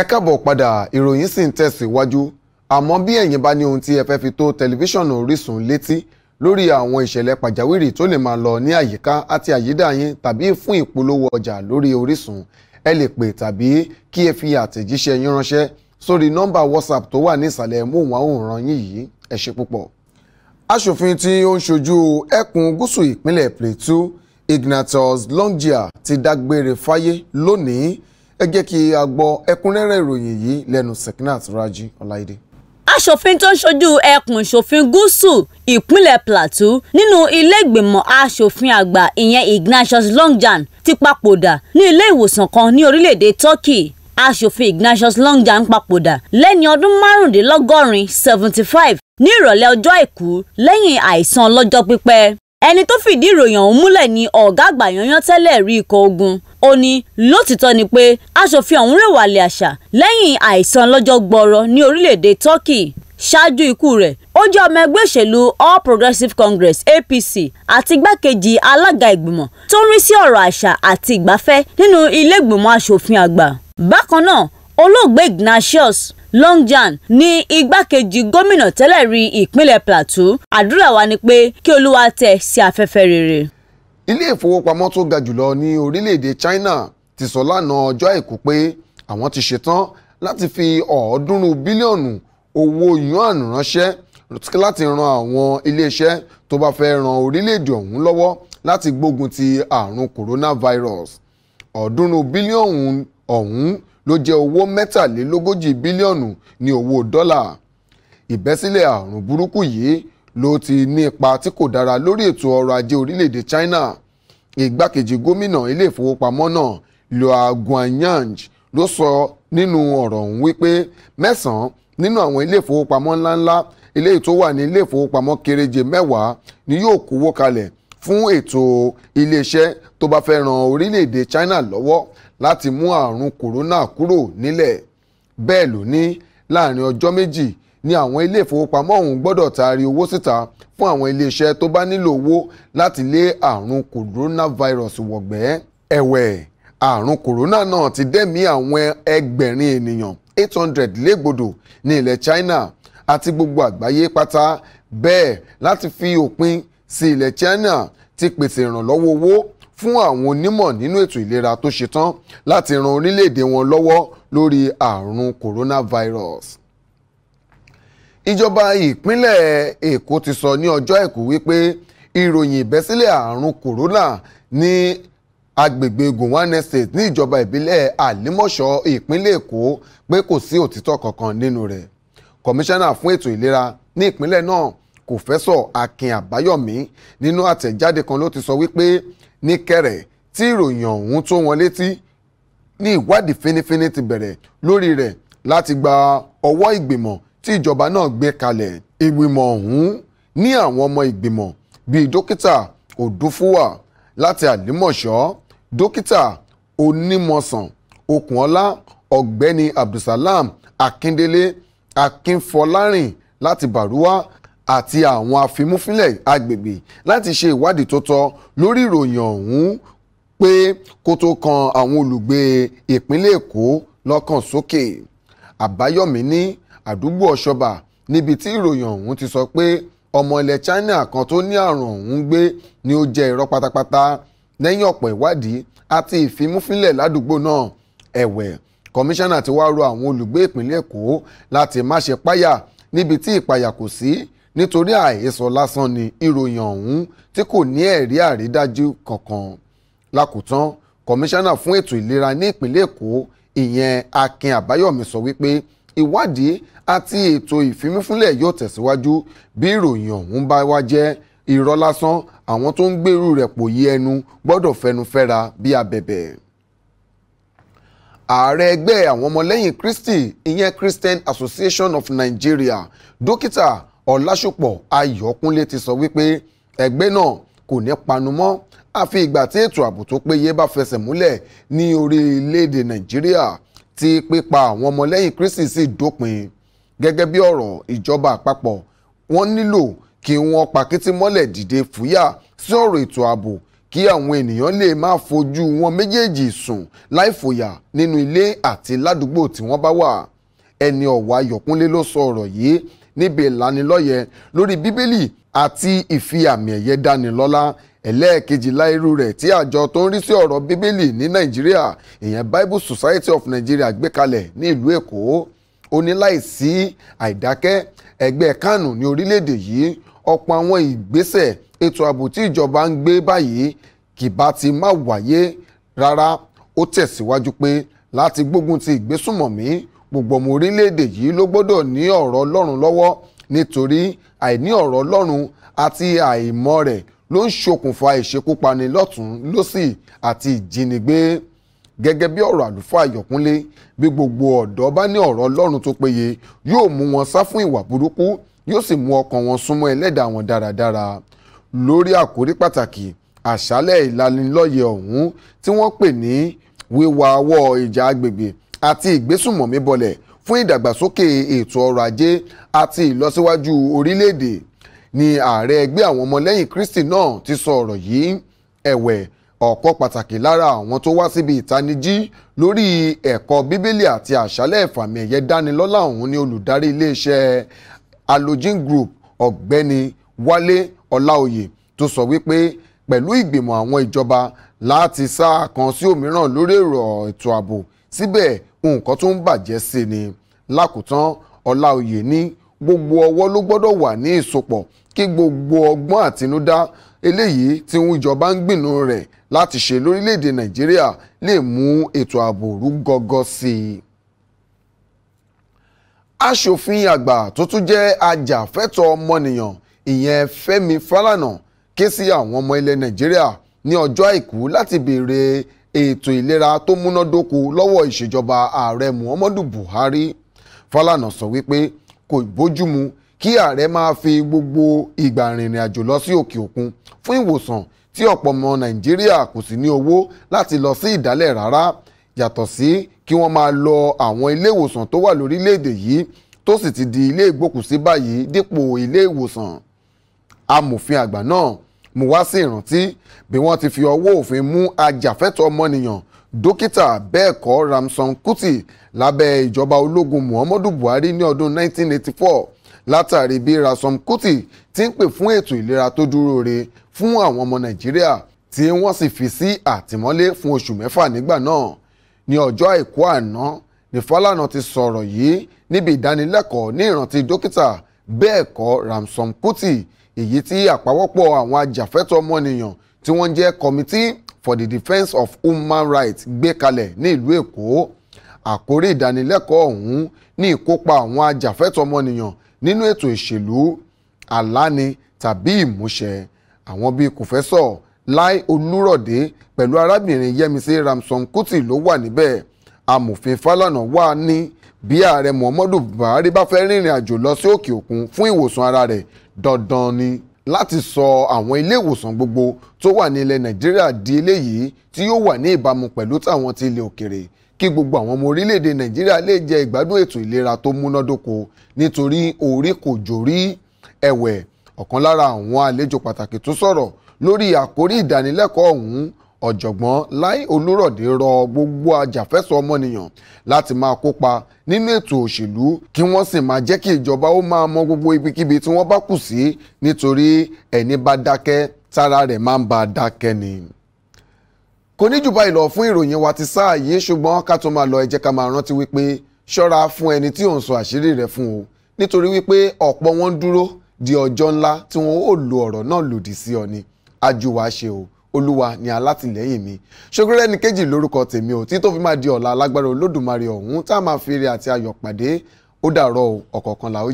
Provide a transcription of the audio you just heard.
ẹ káàbọ̀ padà ìròyìn sì ń tẹ̀síwájú àmọ́ bí ẹ̀yin bá ní ohun tí ẹ fẹ́ fi tó tẹlifíṣàn Orísun létí lórí àwọn ìṣẹ̀lẹ̀ pàjáwìrì tó lè máa lọ ní àyíká àti àyídà yín tàbí fún ìpolówó ọjà lórí Orísun ẹ lè pè tàbí kí ẹ fi àtẹ̀jíṣẹ́ yín ránṣẹ́ sórí nọ́mbà WhatsApp tó wà ní ìsàlẹ̀ móhùnmáwòrán yín yìí ẹ ṣe púpọ̀. aṣòfin tí ó ń ṣojú ẹkùn gúúsù ìpínlẹ̀ Plateau Ignatius Longia ti dágbére fáyé lónìí ẹ jẹ́ kí a gbọ́ ẹ̀kúnrẹ́rẹ́ ìròyìn yìí lẹ́nu Sekinat Raji Ọláìdé aṣòfin tó ń ṣojú ẹkùn ìṣòfin gúúsù ìpínlẹ̀ plateau nínú ilé-ìgbìmọ̀ aṣòfin àgbà ìyẹn Ignatius Longjan ti papòdà ní ilé ìwòsàn kan ní orílẹ̀-èdè Turkey aṣòfin Ignatius Longjan papòdà lẹ́ni ọdún márùndínlọ́gọ́rin seventy five ní ìrọ̀lẹ́ ọjọ́ àìkú lẹ́yìn àìsàn ọlọ́jọ́ pípẹ́ ẹni tó fìdí ìròyìn ọ̀hún múlẹ̀ ni ọ̀gá àgbà yanyan tẹ́lẹ̀ rí ikọ̀ ogun ó ní lótìtọ́ ni pé aṣòfin ọ̀hún rèwàlẹ̀ àṣà lẹ́yìn àìsàn lọ́jọ́ gbọọrọ ní orílẹ̀-èdè Turkey ṣáájú ikú rẹ̀ ó jẹ́ ọmọ ẹgbẹ́ òṣèlú All Progressives Congress APC àti igbákejì alága ìgbìmọ̀ tó ń rí sí ọ̀rọ̀ àṣà àti ìgbafẹ́ nínú ilé ìgbìmọ̀ aṣòfin àgbà bákan náà olóògbé Ignatius Longjan ní igbákejì gómìnà tẹ́lẹ̀ rí ìpínlẹ̀ Plateau àdúrà wa ni pé kí Olúwa tẹ́ sí afẹ́fẹ́ rere ilé ìfowópamọ́ tó ga jùlọ ní orílẹ̀-èdè China ti sọ lánàá ọjọ́ àìkú pé àwọn ti ṣetán láti fi ọ̀ọ́dúnrún bílíọ̀nù owó yuan ránṣẹ́ láti ran àwọn iléeṣẹ́ tó bá fẹ́ ran orílẹ̀-èdè ọ̀hún lọ́wọ́ láti gbógun ti àrùn coronavirus ọ̀ọ́dúnrún bílíọ̀nù ọ̀hún ló jẹ́ owó mẹ́tàlélógójì bílíọ̀nù ní owó dọ́là ìbẹ́sílẹ̀ àrùn burúkú yìí ló ti ní ipa tí kò dára lórí ètò ọrọ̀ ajé orílẹ̀-èdè China igbákejì gómìnà ilé ìfowópamọ́ náà Lua Guanyanj ló sọ nínú ọ̀rọ̀ ọ̀hún wípé mẹ́sàn-án nínú àwọn ilé ìfowópamọ́ ńláńlá eléyìí tó wà ní ilé ìfowópamọ́ kéréje mẹ́wàá ni yóò kówó kalẹ̀ fún ètò iléeṣẹ́ tó bá fẹ́ ran orílẹ̀-èdè China lọ́wọ́ láti mú àrùn kòrónà kúrò nílẹ̀ bẹ́ẹ̀ ló ní láàrin ọjọ́ méjì ni àwọn ilé ìfowópamọ́ ọ̀hún gbọ́dọ̀ taari owó síta fún àwọn iléeṣẹ́ tó bá nílò owó láti lé àrùn coronavirus wọ̀gbẹ́ ẹ̀wẹ̀ àrùn corona náà ti dẹ́mi àwọn ẹgbẹ̀rin ènìyàn eight hundred légbodò ní ilẹ̀ China àti gbogbo àgbáyé pátá bẹ́ẹ̀ láti fi òpin sí ilẹ̀ China ti pèsè ìrànlọ́wọ́ owó fún àwọn onímọ̀ nínú ètò ìlera tó ṣetán láti ran orílẹ̀-èdè wọn lọ́wọ́ lórí àrùn coronavirus ìjọba ìpínlẹ̀ èkó ti sọ ní ọjọ́ àìkú wípé ìròyìn ìbẹ́sílẹ̀ àrùn kòrónà ní agbègbè gowon estate ní ìjọba ìbílẹ̀ àlímọ̀ṣọ́ ìpínlẹ̀ èkó pé kò sí òtítọ́ kankan nínú rẹ̀ kọmíṣánná fún ètò ìlera ní ìpínlẹ̀ náà kòfẹ́sọ̀ akin àbáyọ̀mí nínú àtẹ̀jáde kan ló ti sọ wípé ní kẹrẹ̀ tí ìròyìn ọ̀hún tó wọn létí ní ìwádìí fínífíní ti bẹ̀rẹ̀ lórí rẹ̀ láti gba ọwọ́ ìgbìmọ̀ tí ìjọba náà gbé kalẹ̀ ìgbìmọ̀ ọ̀hún ní àwọn ọmọ ìgbìmọ̀ bíi dókítà òdúfúwà láti àlímọ̀ṣọ́ dókítà onímọ̀sán okùnọlá ọ̀gbẹ́ni abdulsalam akíndélé akínfọlárìn láti bàrúwá àti àwọn afimúfínlẹ̀ agbègbè láti ṣe ìwádìí tó tọ́ lórí ìròyìn ọ̀hún pé kó tó kan àwọn olùgbé ìpínlẹ̀ èkó lọ́kàn sókè àbáyọ̀mí ní àdúgbò ọ̀ṣọ́bà níbi tí ìròyìn ọ̀hún ti sọ pé ọmọ ilẹ̀ China kan tó ní àrùn ọ̀hún gbé ni ó jẹ́ irọ́ pátápátá lẹ́yìn ọ̀pọ̀ ìwádìí àti ìfimúfínlẹ̀ ládùúgbò náà ẹ̀wẹ̀ kọmíṣánná ti wá rọ àwọn olùgbé ìpínlẹ̀ Èkó láti má ṣe páyà níbi tí ìpayà kò sí nítorí àhesọ lásán ni ìròyìn ọ̀hún tí kò ní ẹ̀rí àrídájú kankan lákòótán kọmíṣánná fún ètò ìlera ní ìpínlẹ̀ Èkó ìyẹn Akin Àbáyọ̀mí sọ wípé ìwádìí àti ètò ìfimúfúnlẹ̀ yóò tẹ̀síwájú bí ìròyìn ọ̀hún bá wá jẹ́ irọ́ lásán àwọn tó ń gbèrú rẹ̀ pò yí ẹnu gbọ́dọ̀ fẹnu fẹ́ra bí abẹ̀bẹ̀. ààrẹ ẹgbẹ́ àwọn ọmọlẹ́yìn Kristi ìyẹn Christian Association of Nigeria dókítà Ọláṣùpọ̀ Ayọ̀kúnlé ti sọ wípé ẹgbẹ́ náà kò ní panu mọ́ àfi ìgbà tí ètò ààbò tó péye bá fẹsẹ̀ múlẹ̀ ní orílẹ̀-èdè Nàìjíríà tí pípa àwọn ọmọlẹ́yìn Kristi sì dópin gẹ́gẹ́ bí ọ̀rọ̀ ìjọba àpapọ̀ wọ́n nílò kí wọ́n pàkìtì mọ́lẹ̀ dìde fúyà sí ọ̀rọ̀ ètò ààbò kí àwọn ènìyàn lè máa fojú wọn méjèèjì sùn láìfòyà nínú ilé àti ládùúgbò tí wọ́n bá wà ẹni ọ̀wà Ayọ̀kúnlé ló sọ ọ̀rọ̀ yìí níbi ìlanilọ́yẹ lórí Bíbélì àti ìfi àmì ẹ̀yẹ dánilọ́lá ẹlẹ́ẹ̀kejìlá irú rẹ̀ tí àjọ tó ń rí sí ọ̀rọ̀ bíbélì ní nàìjíríà ìyẹn bible society of nigeria gbé kalẹ̀ ní ìlú èkó ó ní láìsí àìdákẹ́ ẹgbẹ́ kánù ní orílẹ̀-èdè yìí ọ̀pọ̀ àwọn ìgbésẹ̀ ètò ààbò tí ìjọba ń gbé báyìí kì bá ti má wáyé rárá ó tẹ̀síwájú pé láti gbógun ti ìgbésùnmọ̀mí gbogbo ọmọ orílẹ̀-èdè yìí ló gbọ́dọ̀ ní ọ̀rọ̀ ọlọ́run lọ́wọ́ nítorí àìní ọ̀rọ̀ ọlọ́run àti àìmọ̀ rẹ̀ ló ń ṣokùnfà ìṣekúpani lọ́tún lọ́sì àti ìjínigbé gẹ́gẹ́ bí ọ̀rọ̀ àlùfáà Ayọ̀kúnlé bí gbogbo ọ̀dọ́ bá ní ọ̀rọ̀ Ọlọ́run tó péye yóò mú wọn sá fún ìwà burúkú yóò sì mú ọkàn wọn súnmọ́ ẹlẹ́dàá wọn dáradára lórí àkórí pàtàkì àṣálẹ̀ ìlanilọ́yẹ̀ ọ̀hún tí wọ́n pè ní wíwa ọwọ́ ìjà agbègbè àti ìgbésùmọ̀mí bọlẹ̀ fún ìdàgbàsókè ètò ọrọ̀ ajé àti ìlọsíwájú orílẹ̀-èdè ni ààrẹ ẹgbẹ́ àwọn ọmọlẹ́yìn Kristi náà ti sọ ọ̀rọ̀ yìí ẹ̀wẹ̀ ọ̀pọ̀ pàtàkì lára àwọn tó wá síbi ìtanijí lórí ẹ̀kọ́ bíbélì àti àṣálẹ̀ ìfàmì ẹ̀yẹ dánilọ́lá ọ̀hún ni olùdarí iléeṣẹ́ Alogin Group ọ̀gbẹ́ni Wálé Ọláoyè tó sọ wípé pẹ̀lú ìgbìmọ̀ àwọn ìjọba láti sáà kan sí òmíràn lórí èrò ètò ààbò síbẹ̀ nǹkan tó ń bàjẹ́ sí ni lákòótán Ọláoyè ní gbogbo ọwọ́ ló gbọ́dọ̀ wà ní ìsopọ̀ kí gbogbo ọgbọ́n àtinúdá eléyìí tí ń ìjọba ń gbìnú rẹ̀ láti ṣe lórílẹ̀‐èdè nàìjíríà lè mú ètò ààbò rú gọ́gọ́ sí i. aṣòfin àgbà tó tún jẹ́ ajàfẹ́tọ̀ ọmọnìyàn ìyẹn fẹ́mi falana ké sí àwọn ọmọ ilẹ̀ nàìjíríà ní ọjọ́ àìkú láti béèrè ètò ìlera tó múnádóko lọ́wọ́ ìṣèjọba ààrẹ muhammadu buhari falana sọ wípé so kò bójúmu kí ààrẹ máa fi gbogbo ìgbà rìnrìn àjò lọ sí òkè òkun fún ìwòsàn tí ọ̀pọ̀ ọmọ nàìjíríà kò sì ní owó láti lọ sí ìdálẹ̀ rárá yàtọ̀ sí kí wọ́n máa lọ àwọn ilé ìwòsàn tó wà lórílẹ̀‐èdè yìí tó sì ti di ilé ìgbókùsí báyìí dípò ilé ìwòsàn amòfin àgbà náà mú wá sí ìrántí bí wọ́n ti fi ọwọ́ òfin mú ajàfẹ́tọ̀ọ́ ọmọnìyàn dókítà bẹ́ẹ̀ kọ́ Ramson Kuti lábẹ́ ìjọba ológun Muhammadu Buhari ní ọdún 1984 látàrí bí Ramson Kuti ti ń pè fún ètò ìlera tó dúró re fún àwọn ọmọ Nàìjíríà tí wọ́n sì fi sí àtìmọ́lé fún oṣù mẹ́fà nígbà náà ní ọjọ́ àìkú àná ní Fálànà ti sọ̀rọ̀ yìí níbi ìdánilẹ́kọ̀ọ́ ní ìrántí dókítà bẹ́ẹ̀ kọ́ Ramson Kuti èyí tí àpawọ́pọ̀ àwọn ajàfẹ́tọ̀ ọmọnìyàn tí wọ́n jẹ́ kọ́mítì for the defence of human rights gbé kalẹ̀ ní ìlú èkó àkórí ìdánilẹ́kọ̀ọ́ ọ̀hún ní ìkópa àwọn ajàfẹ́tọ̀ ọmọnìyàn nínú ètò ìṣèlú àlàní tàbí ìmúṣẹ àwọn bíi kòfẹ́sọ̀ láì olúrọ̀dé pẹ̀lú arábìnrin yẹmísí ramson kuti ló wà níbẹ̀ amòfin falana wà ní bí ààrẹ muhammadu buhari bá fẹ́ rìnrìn àjò lọ sí òkè òkun fún ìwòsàn ara rẹ̀ dandan ni láti sọ àwọn ilé ìwòsàn gbogbo tó wà ní ilẹ̀ nàìjíríà di eléyìí tí yóò wà ní ìbámu pẹ̀lú tàwọn ti ilẹ̀ òkèrè kí gbogbo àwọn ọmọ orílẹ̀-èdè nàìjíríà lè jẹ ìgbádùn ètò ìlera tó múnádóko nítorí orí kò jórí ẹ̀wẹ̀ ọ̀kan lára àwọn àlejò pàtàkì tó sọ̀rọ̀ lórí àkórí ìdánilẹ́kọ̀ọ́ ọ̀hún ọ̀jọ̀gbọ́n Lai Olúrọ̀dé rọ gbogbo ajàfẹ́sọ̀ ọmọnìyàn láti máa kópa nínú ètò òṣèlú kí wọ́n sì máa jẹ́ kí ìjọba ó máa mọ gbogbo ibikíbi tí wọ́n bá kù sí nítorí ẹni bá dákẹ́ tára rẹ̀ máa ń ba dákẹ́ ni. kò ní jù báyìí lọ fún ìròyìn wa ti sáà yìí ṣùgbọ́n ká tó máa lọ ẹ jẹ́ ká máa rántí wípé ṣọ́ra fún ẹni tí ò sọ àṣírí rẹ̀ fún o nítorí wípé ọ̀pọ̀ wọn dúró di ọjọ́ ńlá tí wọn ó lo ọ̀rọ̀ náà lòdì sí ọ ni àjùwà ṣe o olúwa ni alátìlẹ́yìn mi ṣókúrẹ́ ní kejì lórúkọ tèmi ò tí tó fi máa di ọ̀la alágbára olódùmarè ọ̀hún tá a máa fi eré àti ayọ̀ pàdé ó dàrọ̀ ọ̀kọ̀ọ̀kan làó